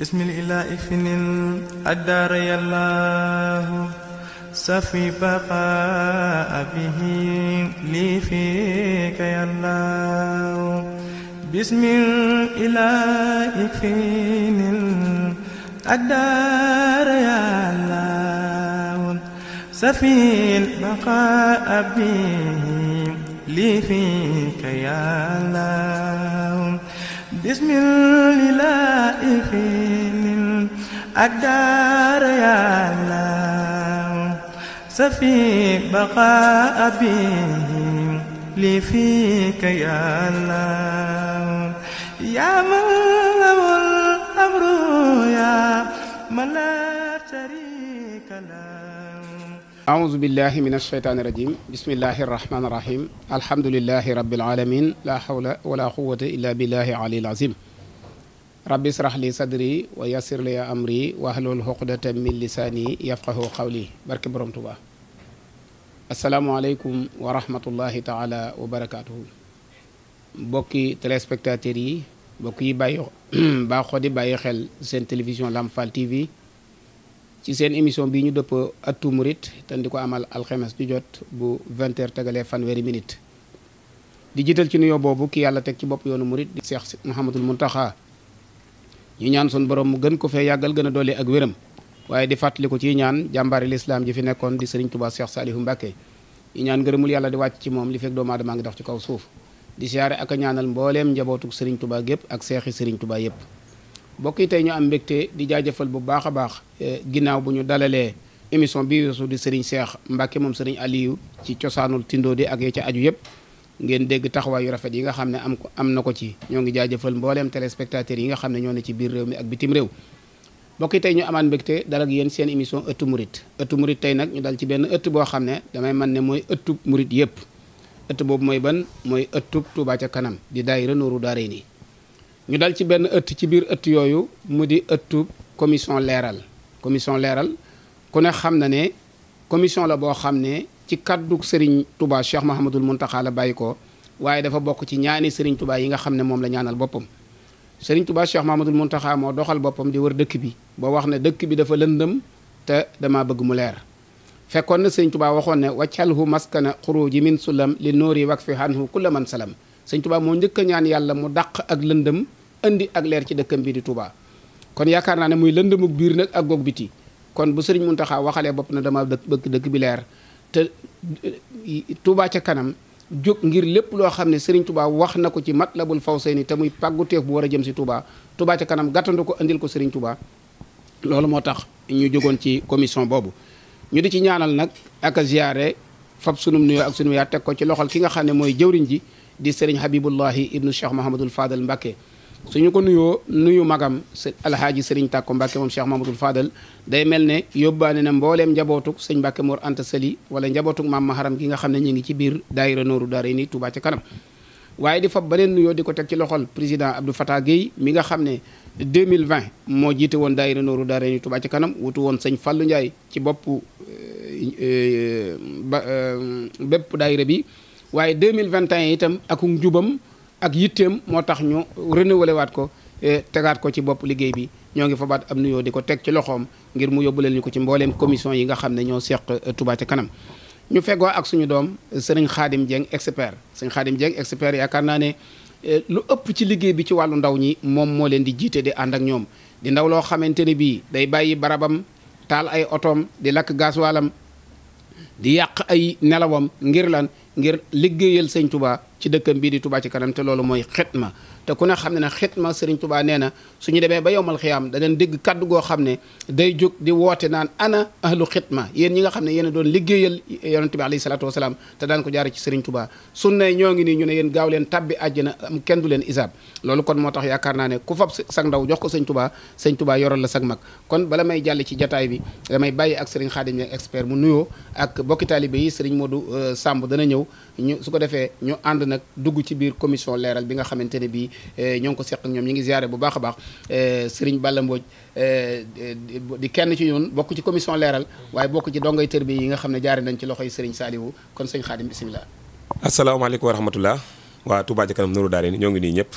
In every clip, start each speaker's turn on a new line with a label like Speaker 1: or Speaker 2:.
Speaker 1: بسم الإله إفن الدار يالله سفي بقاء به لي فيك يالله بسم الإله إفن الدار يالله سفي بقاء به لي فيك يالله bismillahi finin الدار يا الله سفيك بقاء بهم لي فيك يا الله يا من له الأمر يا من لا شريك
Speaker 2: له أعوذ بالله من الشيطان الرجيم بسم الله الرحمن الرحيم الحمد لله رب العالمين لا حول ولا قوة إلا بالله العلي العظيم رب اشرح لي صدري ويسر لي أمري واحلل عقدة من لساني يفقه قولي بارك بروم توبا السلام عليكم ورحمة الله تعالى وبركاته بوكي تيليسبكتاتير بوكي بايو باخودي بايو خيل سين تلفزيون لامفال تي في ci seen émission bi ñu dëpp Ëttu murit te di ko amal alxemes ju jot bu 20 tegalee fan fanweeri minute di jiital ci nuyoo boobu kii yàlla teg ci bopp yoonu murid di Cheikh Mouhamadul Mountakha ñu ñaan sun borom mu gën ko fee yàggal gën a dolli ak wéram waaye di fàttali ko ciy ñaan jàmbaari lislaam ji fi nekkoon di sëriñ Tuubaa Cheikh Saliou Mbacké ñu ñaan ngërëmul yàlla di wàcc ci moom li fekk doomu aadama ngi dox ci kaw suuf di siyaare ak a ñaanal mbooleem njabootuk sëriñ Tuubaa gépp ak seexi sëriñ Tuubaa yépp mbokk yi tey ñu am mbégte di jaajëfal bu baax a baax eh, ginnaaw bu ñu dalalee émission bi weesu di Serigne Cheikh Mbacke moom Serigne Aliou ci cosaanul Tindodi ak ya ca aju yëpp ngeen dégg taxawaayu rafet yi nga xam ne am am na ko ci ñoo ngi jaajëfal mbooleem téléspectateurs yi nga xam ne ñoo ne ci biir réew mi ak bitim réew mbokk tey ñu amaat mbégte dal ak yéen seen émission ëttu murit ëttu murit tey nag ñu dal ci benn ëtt boo xam ne damay man ne mooy ëttu murit yëpp ëtt boobu mooy ban mooy ëttub Touba ca kanam di daayira Nuuru Daarayni ñu dal ci benn ëtt ci biir ëtt yooyu mu di ëttu commission leeral commission leeral ku ne xam na ne commission la boo xam ne ci kaddu Serigne Touba Cheikh Mahamadul Muntaxa la bàyyi ko waaye dafa bokk ci ñaani Serigne Touba yi nga xam ne moom la ñaanal boppam Serigne Touba Cheikh Mahamadul Muntaxa moo doxal boppam di wër dëkk bi boo wax ne dëkk bi dafa lëndëm te dama bëgg mu leer fekkoon na Serigne Touba waxoon ne waccal hu maskana xuruji min sulam li noori wak fi hanhu kulla man salam sëñ Touba moo njëkk a ñaan yàlla mu dàq ak lëndëm indi ak leer ci dëkkam bi di Touba kon yaakaar naa ne muy lëndëmuk biir nag ak goog biti kon bu sëriñ mu Mountakha waxalee bopp na dama dëkk bëgg dëkk bi leer te eh, Touba ca kanam jóg ngir lépp loo xam ne sëriñ Touba wax na ko ci la Matlabul Fawzayni te muy pàgguteef bu war a jëm si Touba Touba ca kanam gàttandu ko indil ko sëriñ Touba loolu moo tax ñu jógoon ci commission boobu ñu di ci ñaanal nag ak a fab sunum nuyoo ak sunum yaa teg ko ci loxol ki nga xam ne mooy jëwriñ ji di sëriñ habibullahi ibnu cheikh mahamadul fadal mbàkke suñu ko nuyoo nuyu magam alhaaji sëriñ tàkko mbàkke moom cheikh mahamadul fadal day mel ne yóbbaane na mbooleem njabootuk sëñ mbàkke moor anta sali wala njabootuk maam maharam gi nga xam ne ñu ngi ci biir daayira nooru daara ni Touba ca kanam waaye di fab beneen nuyoo di ko teg ci loxol président Abdou Fatah mi nga xam ne deux mille 2020 moo jiite woon daayira nooru daara ni Touba ci kanam wutu woon sëñ Fallou Ndiaye ci boppu euh, euh, ba euh, bépp daayira bi waaye mille vingt 2021 itam ak njubam ak yitteem moo tax ñu renouvelé waat ko tegaat ko ci bopp liggéey bi ñoo ngi fabaat am nuyoo di ko teg ci loxoom ngir mu yóbbu leen ñu ko ci mbooleem commission yi nga xam ne ñoo seq Touba ci kanam ñu feggoo ak suñu doom sëriñ Khadim Dieng expert sëriñ Khadim Dieng expert yaakaar naa ne Eh, lu ëpp ci liggéey bi ci wàllu ndaw ñi moom moo leen di jiite di ànd ak ñoom di ndaw loo xamante ne bii day bàyyi barabam taal ay otoom di lakk gaaswaalam di yàq ay nelawam ngir lan ngir liggéeyal sëñ Touba ci dëkkam bii di tubaa ci kanam te loolu mooy xet ma te ku ne xam ne ne xitma Serigne Touba nee na ñu demee ba yowmal xiyaam danañ dégg kaddu goo xam ne day jóg di woote naan ana ahlu xitma yéen ñi nga xam ne yéen doon liggéeyal yonente bi alayhi salaatu wasalaam te daan ko jaare ci Serigne tubaa sun ne ñoo ngi nii ñu ne yéen gaaw leen tabbi àjjana am kenn du leen isaab loolu kon moo tax yaakaar naa ne ku fab sag ndaw jox ko Serigne Touba Serigne Touba yoral la sag mag kon bala may jàll ci jataay bi damay bàyyi ak Serigne Khadim Niang expert mu nuyoo ak bokki taalibe yi Serigne Modou euh, Samb dana ñëw ñu su ko defee ñu ànd nag dugg ci biir commission leeral bi nga xamante ne bii Eh, ñoo ngi ko seq ñoom ñi ngi ziare bu baax a baax eh, Serigne Balla Mbodj eh, di kenn ci ñun bokk ci commission leeral waaye bokk ci dongay tër bi yi nga xam ne jaare nañ ci loxoy Serigne Saliou kon sëñ Xaadim bisimilah.
Speaker 3: asalaamaaleykum wa rahmatullah waa Touba Ca Kanam daal Darayni ñoo ngi nii ñëpp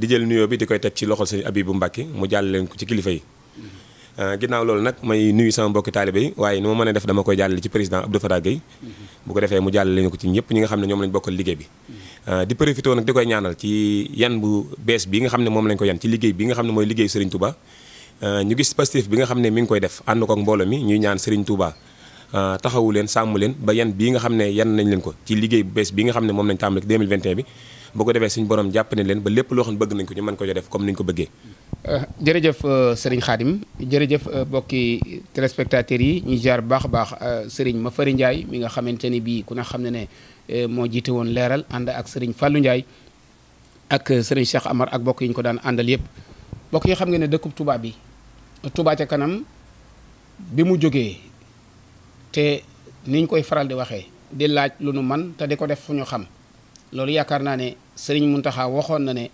Speaker 3: di jël nuyoo bi di koy teg ci loxol sëñ bu Mbacke mu jàll leen ko ci kilifa yi Euh, ginnaaw loolu nag may nuyu sama mbokki taalibe yi waaye ni ma mën a def dama koy jàllale ci président Abdou Fatah Gueye mhm. bu ko defee mu jàllale ñu ko ci ñëpp ñi nga xam ne ñoom lañ bokkal mhm. euh, ñaanal ci yan bu xam ne moom lañ ko yan ci liggéey bi nga ne mooy liggéey Serigne Touba euh, ñu gis Pastef bi nga xam ne mi ngi koy def ànd ko ak mbooloo mi ñuy ñaan Serigne Touba taxawu leen sàmm leen ba yan bii nga xam ne yan nañ leen ko ci liggéey bu bees bi nga xam ne moom lañ tàmbali 2021 bi bu ko defee suñu borom jàpp leen ba lépp loo bëgg nañ ko ñu mën ko jo def
Speaker 2: Euh, jërëjëf euh, Serigne xaadim jërëjëf mbokki euh, téléspectateurs yi ñu jaar baax a baax ma fari njaay mi nga xamante ni bii ku ne xam ne ne moo jiite woon leeral ànd ak Serigne Fallou Ndiaye ak sëriñ Cheikh Amar ak bokk yi ñu ko daan àndal yëpp bokk yi xam nga ne dëkkub Touba bi tubaa ca kanam bi mu jógee te niñ koy faral di waxee di laaj lu nu man te di ko def fu ñu xam loolu yaakaar naa ne Serigne Mountakha waxoon na ne.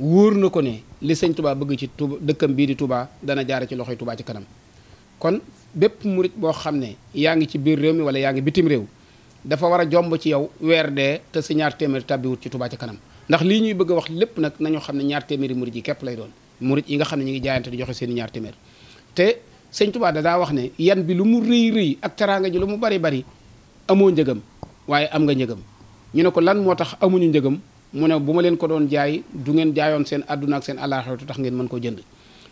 Speaker 2: wóor na ko ne li sëñ tubaa bëgg ci Touba dëkkam bii di tubaa dana jaare ci loxoy tubaa ci kanam kon bépp murit boo xam ne yaa ngi ci biir réew mi wala yaa ngi bitim réew dafa war a jomb ci yow weer dee te sa ñaar téeméeri tàbbiwut ci Touba ci kanam ndax lii ñuy bëgg wax lépp nag nañu xam ne ñaar téeméeri murit yi képp lay doon murit yi nga xam ne ñu ngi jaayante di joxe seen i te sëñ Touba da daa wax ne yan bi lu mu rëy rëy ak teraanga ji lu mu bari bari amoo njëgam waaye am nga njëgam ñu ne ko lan moo tax amuñu njëgam mu ne bu ma leen ko doon jaay du ngeen jaayoon seen àdduna ak seen àllaaxewtu tax ngeen mën ko jënd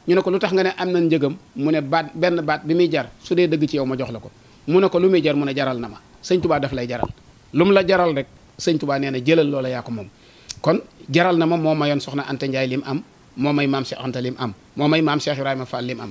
Speaker 2: ñu ne ko lu tax nga ne am na njëgam mu ne baat benn baat bi muy jar su dee dëgg ci yow ma jox la ko mu ne ko lu muy jar mu ne jaral na ma sëñ tubaa daf lay jaral lu mu la jaral rek sëñ tubaa nee na jëlal loola yaa ko moom kon jaral na ma moo mayoon soxna Anta Ndiaye lim am moo may maam Cheikh Anta lim am moo may maam Cheikh Ibrahima Fall lim am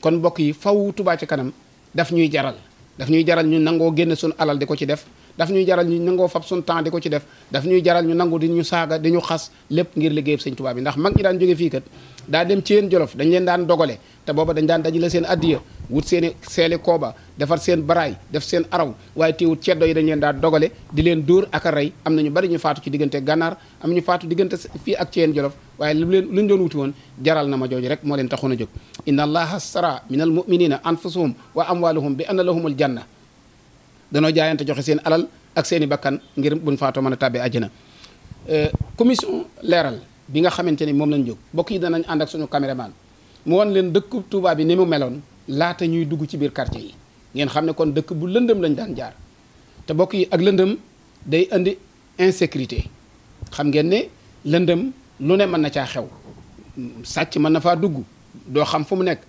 Speaker 2: kon mbokk yi faw tubaa ci kanam daf ñuy jaral daf ñuy jaral ñu nangoo génn suñu alal ko ci def daf ñuy jaral ñu nangoo fab suñu temps di ko ci def daf ñuy jaral ñu nangu di ñu saaga di ñu xas lépp ngir liggéey sëñ Tuubaa yi ndax mag ñi daan jóge fii kat daa dem ci yéen jolof dañ leen daan dogale te booba dañ daan dajale seen addiya wut seen i seeli kooba defar seen baraay def seen araw waaye teewut ceddo yi dañ leen daan dogale di leen dóor ak a rey am na ñu bari ñu faatu ci diggante gànnaar am ñu faatu diggante fii ak ci yéen jolof waaye lu lu ñu doon wuti woon jaral na jooju rek moo leen taxoon a jóg inna allaha stara min al muminina anfusahum wa amwaluhum bi anna lahumul janna danoo jaayante joxe seen alal ak seeni bakkan ngir buñ faatoo mën a tàbbee àjjana euh, commission leeral bi nga xamante ni moom lañ jóg mbokk yi danañ ànd ak suñu caméraman mu won leen dëkk Touba yi ni mu meloon laata ñuy dugg ci biir quartier yi ngeen xam ne kon dëkk bu lëndëm lañu daan jaar te mbokk yi ak lëndëm day indi insécurité xam ngeen ne lëndëm lu ne mën na caa xew sàcc mën na faa dugg doo xam fu mu nekk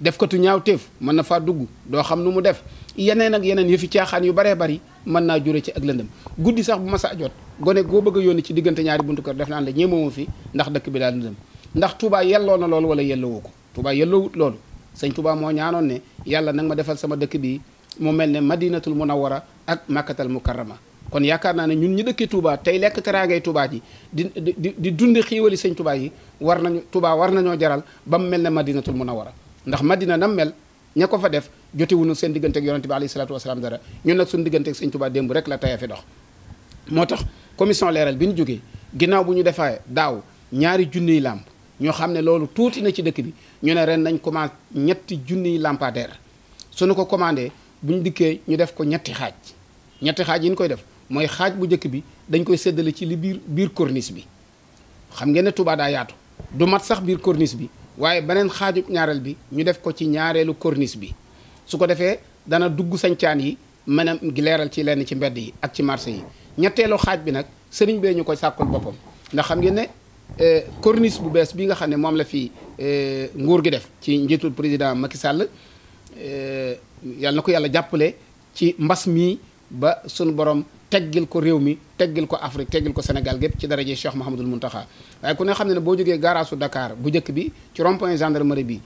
Speaker 2: def katu ñaaw téef mën na faa dugg doo xam nu mu def yeneen ak yeneen yëfi caaxaan yu baree bari mën naa jure ci ak lëndëm guddi sax bu ma sa jot gone goo bëgg a yónni ci diggante ñaari buntu kër def naa la ñeemoo fi ndax dëkk bi daal lëndëm ndax Touba yelloo na loolu wala yelloowu ko Touba yelloowut loolu sëñ Touba moo ñaanoon ne yàlla nag ma defal sama dëkk bi mu mel ne madinatul munawwara ak makkatal mukarrama kon yaakaar naa ne ñun ñu dëkkee Touba tey lekk karaangay Touba ji di di di dunde xiiwali sëñ Touba yi war nañu Touba war nañoo jaral ba mu mel ne madinatul munawara ndax madina nam mel ña ko fa def jotewuñu seen diggante ak yonente bi alayhi salatu wasalaam dara ñun nag suñu diggante ak sëñ rek la taya fi dox moo tax commission leeral bi ñu jógee ginnaaw bu ñu defee daaw ñaari junniy làmp ñoo xam ne loolu tuuti na ci dëkk bi ñu ne ren nañ commande ñetti junniy lampadaire suñu ko commandé bu ñu dikkee ñu def ko ñetti xaaj ñetti xaaj yi ñu koy def mooy xaaj bu njëkk bi dañ koy séddale ci li biir biir corniche bi xam ngeen ne Touba daa yaatu du mat sax biir corniche bi waaye beneen xaajub ñaareel bi ñu def ko ci ñaareelu corniche bi su ko defee dana dugg sañcaan yi mën a leeral ci lenn ci mbedd yi ak ci marché yi ñetteelu xaaj bi nag sëriñ bee ñu koy sàkkul boppam ndax xam ngeen ne euh, corniche bu bees bii nga xam ne moom la fi euh, nguur gi def ci njiitul président Macky Sall euh, yàlla na ko yàlla jàppale ci mbas mii ba sunu borom teggil ko réew mi teggil ko Afrique teggil ko Sénégal gépp ci daraje Cheikh Mouhamadul Mountakha waaye ku ne xam ne ne boo jógee garaasu Dakar bu jëkk bi ci rond-point gendarmerie bi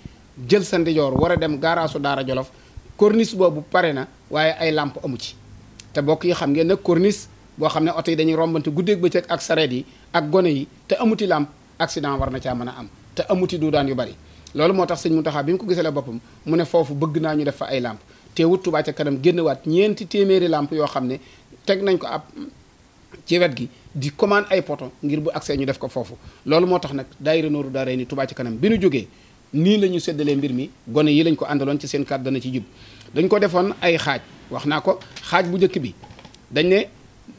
Speaker 2: jël sa ndijoor war a dem gaaraasu Daara Jolof corniche boobu pare na waaye ay làmp amu ci te bokk yi xam ngeen nag corniche boo xam ne oto yi dañuy rombante guddeeg bëccëg ak sareet yi ak gone yi te amuti làmp accident war na caa mën a am te amuti daan yu bari loolu moo tax sëñ Mountakha bi mu ko gisalee boppam mu ne foofu bëgg naa ñu def fa ay làmp teewut Touba ca kanam génnewaat ñeenti téeméeri làmp yoo xam ne teg nañ ko ab ci wet gi di commande ay poto ngir bu accès ñu def ko foofu loolu moo tax nag daayira nooru daaray ni Touba ca kanam bi nu jógee nii la ñu séddalee mbir mi gone yi lañ ko àndaloon ci seen kàddu dana ci jub dañ ko defoon ay xaaj wax naa ko xaaj bu njëkk bi dañ ne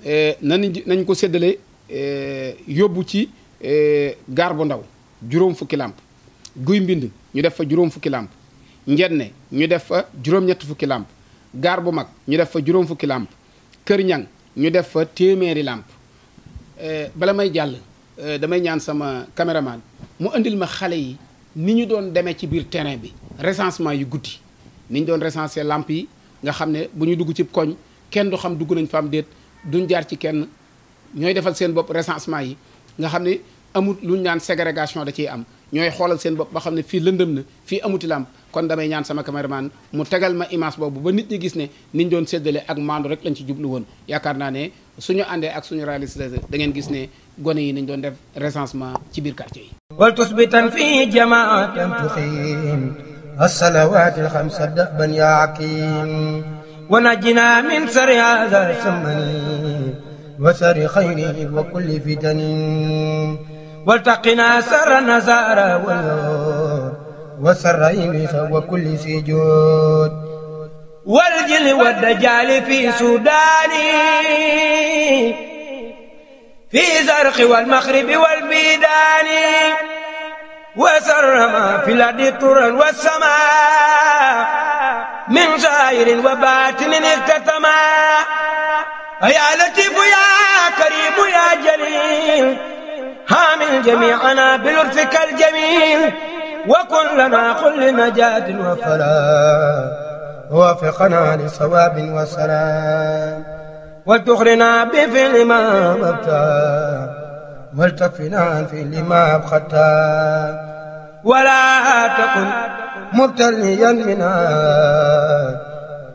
Speaker 2: e, nañ ko séddale e, yóbbu ci e, gaar bu ndaw juróom fukki làmp guy mbind ñu def fa juróom fukki làmp njenne ñu def fa juróom-ñett fukki làmp gaar bu mag ñu def fa juróom fukki làmp kër ñang ñu def fa téeméeri làmp euh, bala may jàll euh, damay ñaan sama caméraman mu indil ma xale yi ni ñu doon demee ci biir terrain bi recensement yu guddi ni ñu doon recenser làmp yi nga xam ne bu ñu dugg ci koñ kenn du xam dugg nañu fa am déet duñ jaar ci kenn ñooy defal seen bopp recensement yi nga xam ne amut lu ñu naan ségrégation da ciy am ñooy xoolal seen bopp ba xam ne fii lëndëm na fii amuti làmp kon damay ñaan sama caméraman mu tegal ma image boobu ba nit ñi gis ne niñ doon séddale ak maandu rek lañ ci jublu woon yaakaar ne suñu àndee ak suñu réalisateur da ngeen gis ne gone yi niñ doon def recensement ci biir quartier yi
Speaker 4: wal tusbitan fi jamaatan tuqiim as-salawaat al-khams dahban ya hakim wa najjina min sari hadha samani wa sari khayri wa kulli fitani waltaqina sarra nazara wal والسرين فوق كل سجود والجل والدجال في سوداني في زرق والمغرب والبيدان وسرما في الأرض طرا والسماء من زائر وباطن اكتتما يا لطيف يا كريم يا جليل هامل جميعنا بلطفك الجميل وكلنا قل لنجاة وفلاح وافقنا لصواب وسلام وتخرنا بفعل ما مبتاه والتكفنا عن فعل ما أبختا ولا تكن مبتليا منها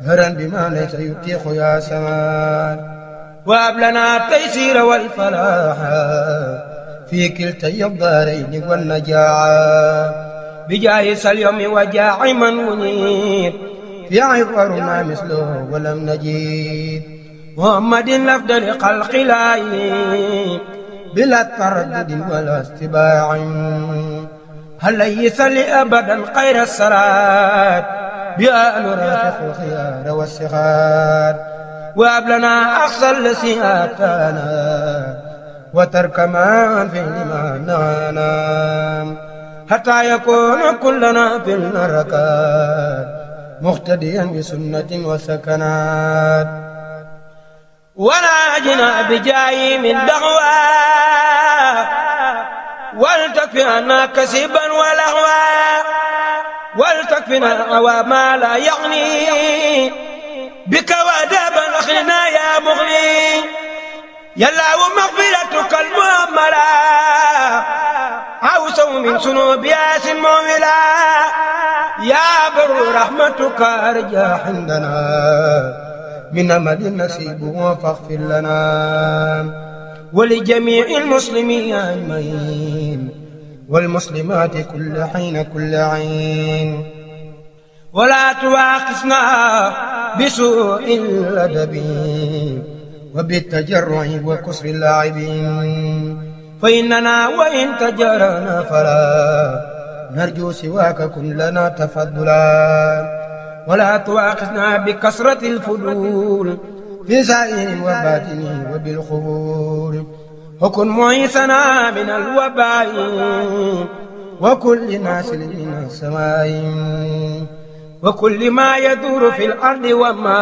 Speaker 4: هرا بما ليس يتيح يا سمان وأبلنا التيسير والفلاح في كلتي الدارين والنجاعه bi jaayi sal yomi wa jaaxi man wu ñiit fi ibaru ma mislo walam najid muhammadin afdali xalqi laayi bila taraddudin wala istibaa'in alayhi salli abadan xayra salaat bi alu rafiq alxiyaar wa sixaar wa ablana axsal lasi aataana wa tarkamaan fi lima naanam حتى يكون كل نافل ركات مقتديا بسنة وسكنات ولا جنا بجاي من دعوى ولتكفنا كسبا ولهوا ولتكفنا عوام لا يغني بك ودابا أخلنا يا مغني يا الله مغفرتك المؤمرة أوسو من سنوب ياس مولا يا بر رحمتك أرجى عندنا من أمل نسيب فاغفر لنا ولجميع المسلمين أجمعين والمسلمات كل حين كل عين ولا تواقفنا بسوء الأدب وبالتجرع وكسر اللاعبين فإننا وإن تجارنا فلا نرجو سواك كن لنا تفضلا ولا تواخذنا بكثرة الفضول في زائر وباطنه وبالخبور وكن معيسنا من الوباء وكل ناسل من السماء وكل ما يدور في الأرض وما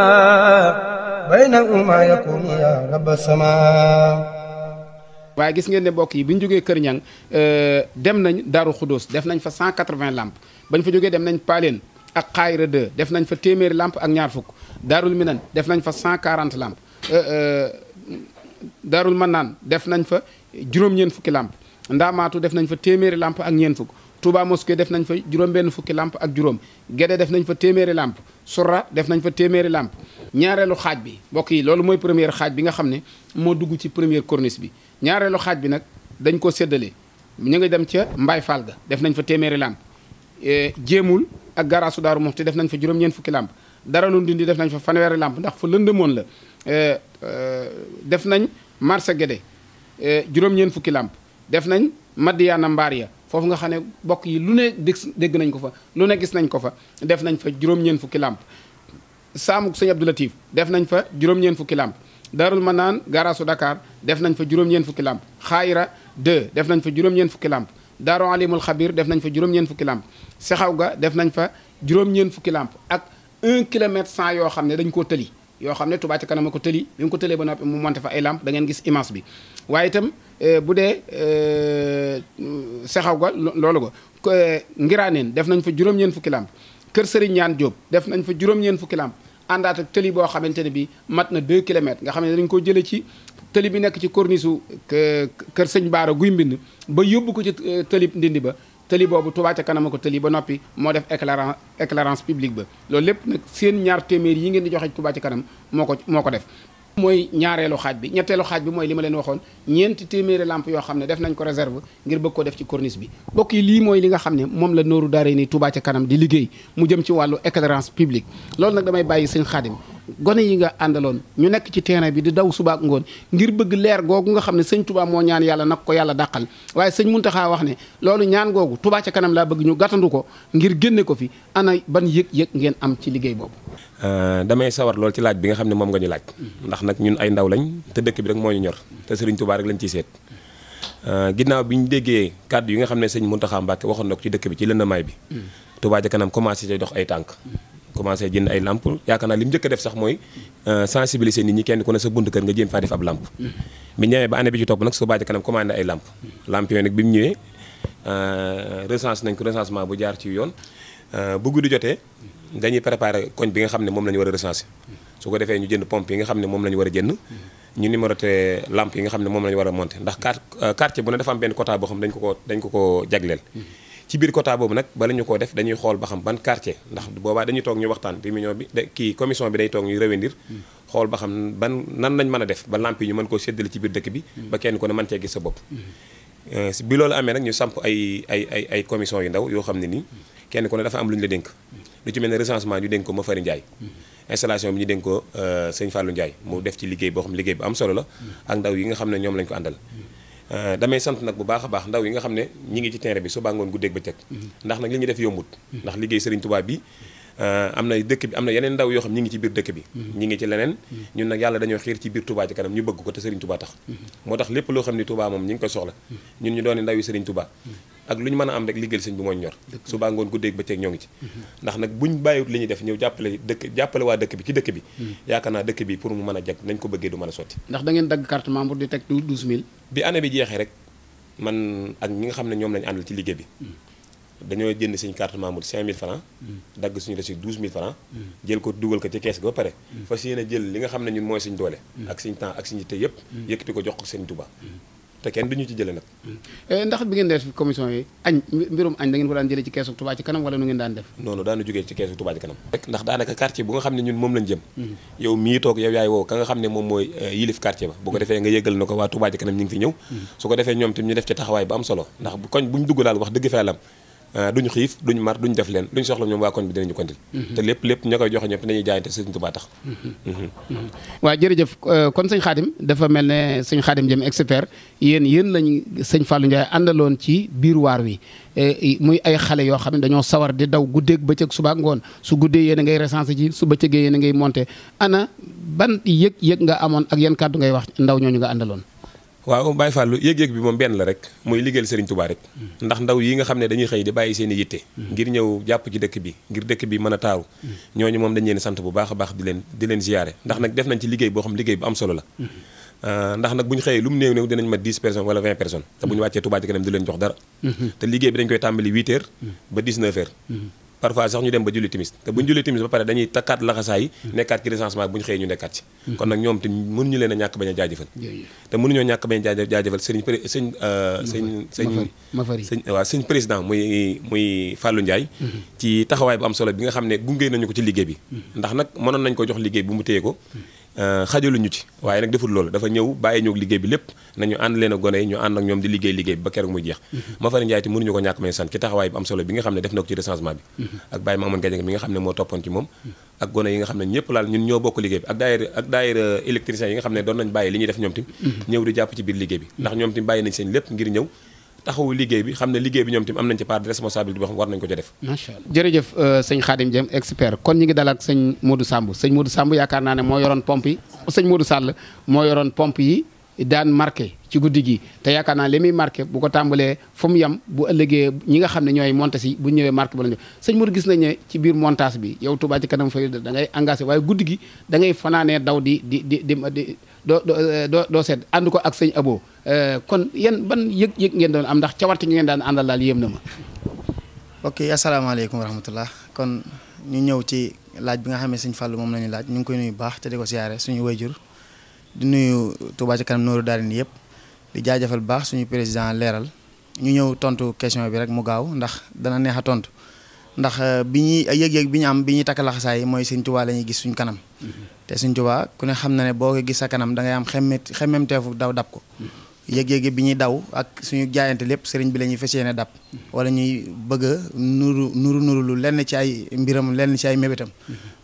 Speaker 4: بينهما يكون يا رب السماء
Speaker 2: waaye gis ngeen ne mbokk yi bi ñu jógee Kër Ñang euh, dem nañ Daaru Xudóos def nañ fa cent 180 lamp bañ fa jógee dem nañ Paaleen ak Xaayra 2 def nañ fa téeméeri làmp ak ñaar fukk Daarul Minan def nañ fa 140 lamp euh, euh, Daarul Manaan def nañ fa juróom-ñeen fukki lamp Ndaamaatu def nañ fa téeméeri lamp ak ñeen fukk Touba Mosquée def nañ fa juróom-benn fukki làmp ak juróom Guédé def nañ fa téeméeri lamp Surra def nañ fa téeméeri làmp ñaareelu xaaj bi mbokk yi loolu mooy première xaaj bi nga xam ne moo dugg ci première kornis bi ñaareelu xaaj bi nag dañ ko séddale ñu ngi dem ca mbaay Fall def nañ fa téeméeri làmb e, jéemul ak garaasu daaru moom te def nañ fa juróom-ñeent fukki làmb dara lu dindi def nañ fa fanweeri làmb ndax fa lëndëmoon la e, e, def nañ marché Guédé juróom fukki làmb def nañ Madiana Mbaar ya foofu nga xam ne bokk yi lu ne dégg nañ ko fa lu ne gis nañ ko fa def nañ fa juróom-ñeent fukki làmb Saamu Sëñ Abdou def nañ fa juróom-ñeent fukki làmb daarul Darul Manaan garaasu Dakar def nañ fa juróom-ñeent fukki làmp Xaayira 2 def nañ fa juróom-ñeent fukki làmp Daaru Alimul Xabir def nañ fa juróom-ñeent fukki làmp Sexaw ga def nañ fa juróom-ñeent fukki làmp ak kilomètre 100 yoo xam ne dañ koo tëli yoo xam ne Touba Ca Kanam ko tëli bi mu ko tëlee ba noppi mu monté fa ay làmp da ngeen gis bi waaye itam euh, bu dee euh, Sexaw ga loolu ga Ngiraaneen def nañ fa juróom fukki làmp Kër Sëriñ Ñaan Jóob def nañ fa juróom-ñeent fukki làmp àndaat ak tëli boo xamante ne bi mat na 2 kilomètres nga xam ne dañ ko jëlee ci tëli bi nekk ci corniche u kër sëñ Baara guy mbind ba yóbbu ko ci euh, tëlib ndindi ba tëli boobu Touba ca kanam ko tëli ba noppi moo def éclairance éclairance publique ba loolu lépp nag seen ñaar téeméer yi ngeen di joxe Touba ci kanam moo ko moo ko def mooy ñaareelu xaaj bi ñetteelu xaaj bi mooy li ma leen waxoon ñeenti téeméeri lampe yoo xam ne def nañ ko réserve ngir bëgg ko def ci corniche bi bokk yi lii mooy li nga xam ne moom la nooru daare ni Touba ca kanam di liggéey mu jëm ci wàllu éclairance publique loolu nag damay bàyyi sëñ Xaadim gone yi nga àndaloon ñu nekk ci terrain bi di daw subaak ngoon ngir bëgg leer googu nga xam ne sëñ Touba moo ñaan yàlla nag ko yàlla dàqal waaye sëñ Muntaxa wax ne loolu ñaan googu tubaa ca kanam laa bëgg ñu gàttandu ko ngir génne ko fi ana ban yëg-yëg ngeen am ci liggéey boobu
Speaker 3: euh, damay sawar lool ci laaj bi nga xam ne moom nga ñu laaj mhm. ndax nag ñun ay ndaw lañ te dëkk bi rek mooy ñu ñor te sëriñ Touba rek lañ ciy seet euh, ginnaaw bi ñu déggee kàddu yi nga xam ne sëñ Muntaxa Mbàkke waxoon na ko ci dëkk bi ci lëndamaay bi mhm. Touba ca kanam commencé dox ay tànk mhm. commencé jënd ay lamp yaakaar naa li mu njëkk a def sax mooy euh, sensibiliser nit ñi kenn ku ne sa bunt kër nga jéem faa def ab lamp bi ñëwee ba année bi ci topp nag Touba ca kanam commandé ay lamp lamp yooyu nag mu ñëwee euh, recense nañ ko recensement bu jaar ci yoon euh, bu guddi jotee dañuy préparer koñ bi nga xam ne moom lañu ñu war a su ko defee ñu jënd pompe yi nga xam ne moom la ñu war a jënd ñu numéroté lampe yi nga xam ne moom la ñu monte a monter ndax quartier bu ne dafa am benn quota boo xam dañ ko ko dañ ko ko jagleel ci biir quota boobu nag bala ñu koo def dañuy xool ba xam ban quartier ndax boobaa dañu toog ñu waxtaan réunion bi kii commission bi day toog ñuy revenir xool ba xam ban nan lañ mën a def ba lamp yi ñu mën koo séddale ci biir dëkk bi ba kenn ku ne mën cee gis sa bopp euh, bi loolu amee nag ñu samp ay ay ay ay commission yu ndaw yoo xam ne nii kenn ku ne dafa am lu ñu la dénk lu ci mel ne recensement ñu dénk ko Mafari Ndiaye installation bi ñu dénk ko euh, sëñ Fallou njaay mu def ci liggéey boo xam liggéey bi am solo la ak ndaw yi nga xam ne ñoom lañ ko àndal Euh, damay sant nag bu baax a baax ndaw yi nga xam ne ñi ngi ci terrain bi suba ngoon guddeeg bëccëg mm-hmm. ndax nag li ñu def yombut mm-hmm. ndax liggéey Serigne Touba bi euh, am na dëkk bi am na yeneen ndaw yoo xam ñi ngi ci biir dëkk bi mm-hmm. ñi ngi ci leneen ñun nag yàlla dañoo xiir ci biir Touba ci kanam ñu bëgg ko te Serigne Touba tax moo tax lépp loo xam ne tubaa moom ñi ngi koy soxla ñun ñu doon ndaw yi Serigne Touba ak lu ñu mën a am rek liggéeyal sëñ bi mooy ñor subaa ngoon guddeeg bëccëg ñoo ngi ci mhm. ndax nag buñ bàyyiwut li ñuy def ñëw jàppale dëkk jàppale waa dëkk bi ci dëkk bi mhm. yaakaar naa dëkk bi pour mu mën a jag nañ ko bëggee du mën a sotti
Speaker 2: ndax da ngeen dagg carte membre di teg 12000
Speaker 3: bi année bi jeexee rek man ak ñi nga xam ne ñoom lañu àndal ci liggéey bi mhm. dañoo jënd suñu carte membre 5000 francs dagg suñu reçu 12000 francs jël ko dugal ko ci kees gi ba pare fas jël li nga xam ne ñun mooy suñ doole ak suñ temps ak suñ yitte yépp yëkkati ko jox ko seen Tuubaa te kenn duñu ci jële nag
Speaker 2: eh, ndax bi ngeen def commission yi añ mbirum añ da ngeen ko daan jëlee ci keesu Touba ci kanam wala nu ngeen daan def
Speaker 3: non non daanu jógee ci keesu Touba ci kanam rek ndax daanaka quartier bu nga xam ne ñun moom lañ jëm mm-hmm. yow mii toog yow yaay ka nga xam ne moom mooy eh, yilif quartier ba bu ko mm-hmm. defee nga yëgal na ko waa Touba ci kanam ñu ngi fi ñëw mm-hmm. su ko defee ñoom tam ñu def ci taxawaay bu am solo ndax koñ buñ dugg daal wax dëgg fa yàlla Euh, duñu xiif duñu mar duñu def leen luñu soxla ñoom waa koñ bi dinañu kontil mhm. te lépp lépp ña koy joxe ñëpp dañuy jaayante sëñ Tuubaa tax mhm. Mhm.
Speaker 2: waaw jërëjëf euh, kon sëñ Xaadim dafa mel ne sëñ Xaadim jëm expert yéen yéen lañ sëñ Fallou Ndiaye àndaloon ci biir waar wi euh, muy ay xale yoo xam ne dañoo sawar di daw guddeeg bëccëg suba ngoon su guddee yéen a ngay recensé ci su bëccëgee yéen a ngay monté ana ban yëg yëg nga amoon ak yan kàddu ngay wax ndaw ñooñu nga àndaloon
Speaker 3: waaw Baye Fallou yëg-yëg bi moom benn la rek mooy liggéeyal Serigne Touba rek ndax ndaw yi nga xam ne dañuy xëy di bàyyi seen i yitte ngir ñëw jàpp ci dëkk bi ngir dëkk bi mën a taaru ñooñu moom dañ leen sant bu baax a baax di leen di leen ziyaare ndax nag def nañ ci liggéey boo xam liggéey bu am solo la euh, ndax nag bu ñu xëyee lu mu néew néew dinañ ma 10 personnes wala 20 personnes te bu wàccee Touba ci kanam di leen jox dara te liggéey bi dañ koy tàmbali 8 heures ba 19 heures parfois sax ñu dem ba julli timis te bu ñu julli timis ba pare dañuy takkaat laxasaa yi mm. nekkaat ci recensement bu ñu xëyee ñu nekkaat ci mm. kon nag ñoom te mënuñu leen a ñàkk bañ a jaajëfal te mënuñoo ñàkk bañ a jaajëfal euh, sëñ sëñ sëñ président muy muy Fallou Ndiaye mm-hmm. ci taxawaay bu am solo bi nga xam ne gungee nañu ko ci liggéey bi mm-hmm. ndax nag mënoon nañ ko jox liggéey bu mu téye ko mm-hmm. Euh, xajaluñu ci waaye nag deful loolu dafa ñëw bàyyi ñëw liggéey bi lépp nañu ànd leen a gone yi ñu ànd ak ñoom di liggéey liggéey bi ba keroog muy jeex mhm. ma fari njaay te mënuñu ko ñàkk may sant ci taxawaay bi am solo bi nga xam ne def na ko ci recensement bi mhm. ak bàyyi maamoon gajang bi nga xam ne moo toppoon ci moom mhm. ak gone yi nga xam ne ñëpp laal ñun ñoo bokk liggéey bi ak daayira ak daayira électricien yi nga xam ne doon nañ bàyyi li ñuy def ñoom tim ñëw di jàpp ci biir liggéey bi ndax ñoom nañ seen lépp ngir ñëw taxawu liggéey bi xam ne liggéey bi ñoom tam am nañ ci part de responsabilité boo xam war nañ ko ca def macha
Speaker 2: allah jërëjëf euh, sëñ Khadim Dieng expert kon ñi ngi dalak sëñ Modou Samb sëñ Modou Samb yaakaar naa ne moo yoroon pompe yi moo yoroon pompe yi daan marqué ci guddi gi te yaakaar naa li muy marqué bu ko tàmbalee fu mu yem bu ëllëgee ñi nga xam ne ñooy monté si bu ñëwee marqué ba la ñu sëñ gis nañ ne ci biir montage bi yow Touba ci kanam fay da ngay engagé waaye guddi gi da ngay fanaanee daw di di di di doo doo eh, doo seet ànd ko ak sëñ
Speaker 5: Abo eh, kon yan ban yëg-yëg ngeen doon am ndax cawarte gi ngeen daan àndal daal yéem na ma. ok asalaamaaleykum wa rahmatullah kon ñu ñëw ci laaj bi nga xamee ne fàll moom la ñu laaj ñu ngi koy nuyu baax te di ko siyaare suñu wayjur di nuyu Touba Ca Kanam nooru daal ni yëpp di jaajëfal baax suñu président leeral ñu ñëw tontu question bi rek mu gaaw ndax dana neex a tontu. ndax euh, bi ñuy yëg-yëg bi ñu am bi ñuy takk laxasaay mooy Sëñ Tuubaa la gis suñ kanam mm-hmm. te Sëñ Tuubaa ku ne xam na ne boo ko gis sa kanam da ngay am xemmet xemmemteefu daw dab ko mm-hmm. yëg-yëg bi ñuy daw ak suñu jaayante lépp sëriñ bi lañuy ñuy fas yéene dab mm-hmm. wala ñuy bëgg a nuru nuru lu lenn ci ay mbiram lenn ci ay mébétam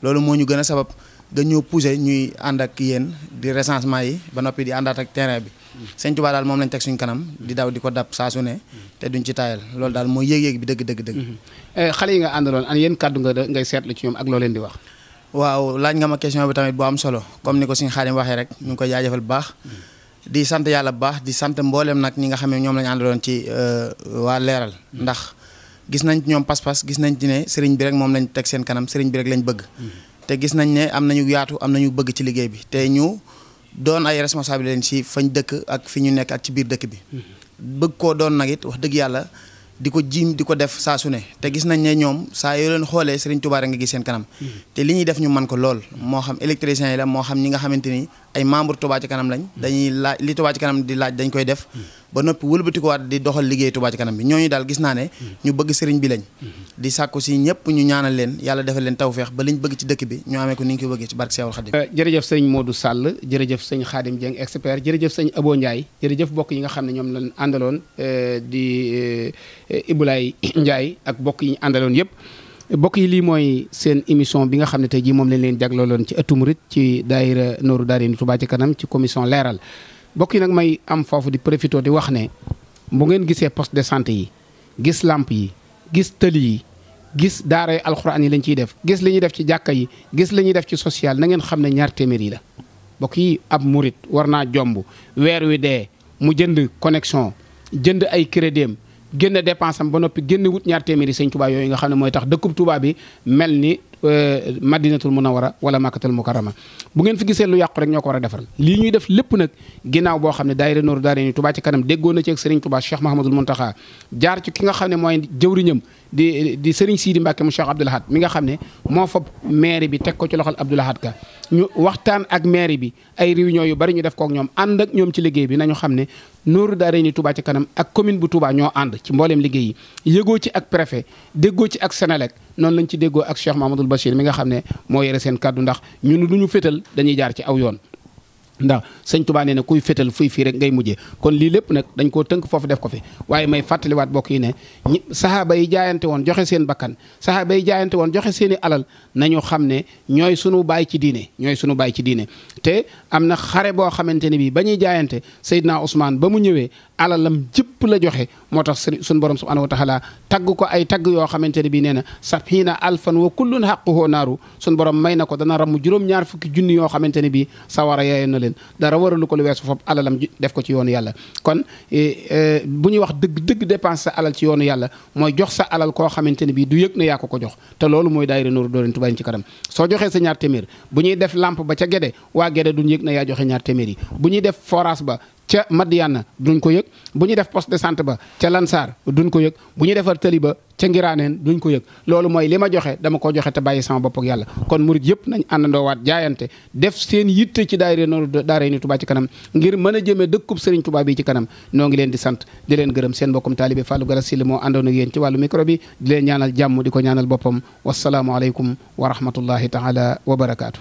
Speaker 5: loolu moo ñu gën a sabab gën ñoo pousser ñuy ànd ak yéen di recensement yi ba noppi di àndaat ak terrain bi sëñ Tuubaa daal moom lañ teg suñ kanam di daw di ko dab saa su ne te duñ ci taayal loolu daal mooy yéeg-yéeg bi dëgg dëgg dëgg xale yi nga àndaloon an yéen kàddu nga ngay seetlu ci ñoom ak loo leen di wax waaw laaj nga ma question bi tamit boo am solo comme ni ko suñ Xaadim waxee rek ñu ngi koy jaajëfal bu baax mhm. di sant yàlla bu baax di sant mboolem nag ñi nga xam ne ñoom lañ àndaloon ci euh, waa leeral mhm. ndax gis nañ ci ñoom pas-pas gis nañ ci ne sëriñ bi rek moom lañ teg seen kanam sëriñ bi rek lañ bëgg mhm. te gis nañ ne am nañu yaatu am nañu bëgg ci liggéey bi doon ay responsable leen ci fañ dëkk ak fi ñu nekk ak ci biir dëkk bi bëgg koo doon nag it wax dëgg yàlla di ko jiim di ko def saa su ne te gis nañ ne ñoom saa yoo leen xoolee Serigne Touba nga gis seen kanam hmm. te li ñuy def ñu man ko lool moo xam électricien yi la moo xam ñi nga xamante ni ay membre Touba ci kanam lañ dañuy laaj li Touba ci kanam di laaj dañ koy def ba noppi waat di doxal liggéey Touba kanam bi ñoo ñu daal gis naa ne ñu bëgg sëriñ bi lañ di sàkku si ñëpp ñu ñaanal leen yàlla defal leen tawfeex ba liñ bëgg ci dëkk bi ñoo amee ko ni ñu ko bëggee ci barke Seexul Xadim euh, jërëjëf sëñ Modou Sall jërëjëf sëñ Khadim Dieng expert jërëjëf sëñ Abo njaay
Speaker 2: jërëjëf bokk yi nga xam ne ñoom lañ àndaloon euh, di euh, Ibulaay Ndiaye ak bokk yi ñu àndaloon yëpp mbokk yi lii mooy seen émission bi nga xam ne tey jii moom lañ leen jaglooloon ci ëttu ci daayira Nooru Daarayni Touba ci kanam ci commission leeral mbokk yi nag may am foofu di profité di wax ne bu ngeen gisee poste de santé yi gis làmp yi gis tëli yi gis daara yi alxuraan yi lañ ciy def gis li ñuy def ci jàkka yi gis li ñuy def ci social na ngeen xam ne ñaar téeméer yi la mbokk yi ab murit war naa jomb weer wi dee mu jënd connexion jënd ay crédit génne dépense am ba noppi génne wut ñaar téeméeri sëñ Touba yooyu nga xam ne mooy tax dëkkub Touba bi mel ni Euh, madinatul munawara wala makkatul mukarrama bu ngeen fi gisee lu yàqu rek ñoo ko war a defar lii ñuy def lépp nag ginnaaw boo xam ne daayira nooru daara tubaa ci kanam déggoon na ci ak sëriñ tubaa cheikh ci ki nga xam ne mooy jëwriñam di di sëriñ siidi mbàkke mu cheikh abdoulahad mi nga xam ne moo fab maire bi teg ko ci loxol abdoulahad ka ñu waxtaan ak maire bi ay réunion yu bari ñu def ko ñoom ànd ak ñoom ci liggéey bi nañu xam ne nooru daara ni tubaa ci kanam ak commune bu tubaa ñoo ànd ci mbooleem liggéey yi yëgoo ci ak préfet déggoo ci ak Senelec noonu lañ ci déggoo ak Cheikh Mahamadoul Bachir mi nga xam ne moo yore seen kàddu ndax ñun lu ñu fétal dañuy jaar ci aw yoon ndax sëñ Tuubaa nee na kuy fétal fuy fii rek ngay mujjee kon lii lépp nag dañ koo tënk foofu def ko fi waaye may fàttaliwaat bokk yi ne sahaaba yi jaayante woon joxe seen bakkan sahaaba yi jaayante woon joxe seeni i alal nañu xam ne ñooy suñu baay ci diine ñooy suñu baay ci diine te am na xare boo xamante ne bii ba ñuy jaayante Seydina Ousmane ba mu ñëwee alalam jëpp la joxe moo tax suñu borom su subhanahu wa taala tagg ko ay tagg yoo xamante ne bii nee na sabhiina alfan wa kullun haqquhu naaru suñu borom may na ko dana ramm juróom-ñaar fukki junni yoo xamante ne bii a yaaye na leen dara waralu ko lu weesu foofu alalam def ko ci yoonu yàlla kon e, e, bu ñuy wax dëgg dëgg dépense sa alal ci yoonu yàlla mooy jox sa alal koo xamante ne bii du yëg na yaa ko ko jox te loolu mooy daayira Nuuru Daarayni Touba ci kanam soo joxee sa ñaar téeméer bu ñuy def lampe ba ca gede waa gede duñ na yaa joxe ñaar téeméer bu ñuy def forage ba ca Madiana duñ ko yëg bu ñuy def poste de santé ba ca Lansar duñ ko yëg bu ñuy defar tëli ba ca Ngiraaneen duñ ko yëg loolu mooy li ma joxe dama ko joxe te bàyyi sama bopp yàlla kon murit yëpp nañ àndandoowaat jaayante def seen yitte ci daayira noonu daayira ni Touba ci kanam ngir mën a jëmee dëkkub Serigne Touba bi ci kanam noo ngi leen di sant di leen gërëm seen bokkum taalibe Fallou Galass Syll moo àndoon ak yéen ci wàllu micro bi di leen ñaanal jàmm di ko ñaanal boppam wasalaamualeykum wa rahmatullahi taala wa barakaatu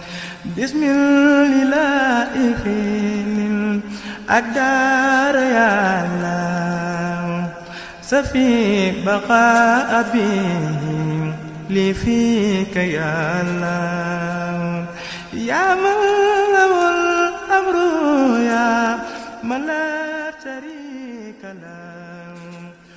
Speaker 1: bismillaahi أدار يا الله سفي بقاء به لي فيك يا الله يا من له الأمر يا من لا شريك له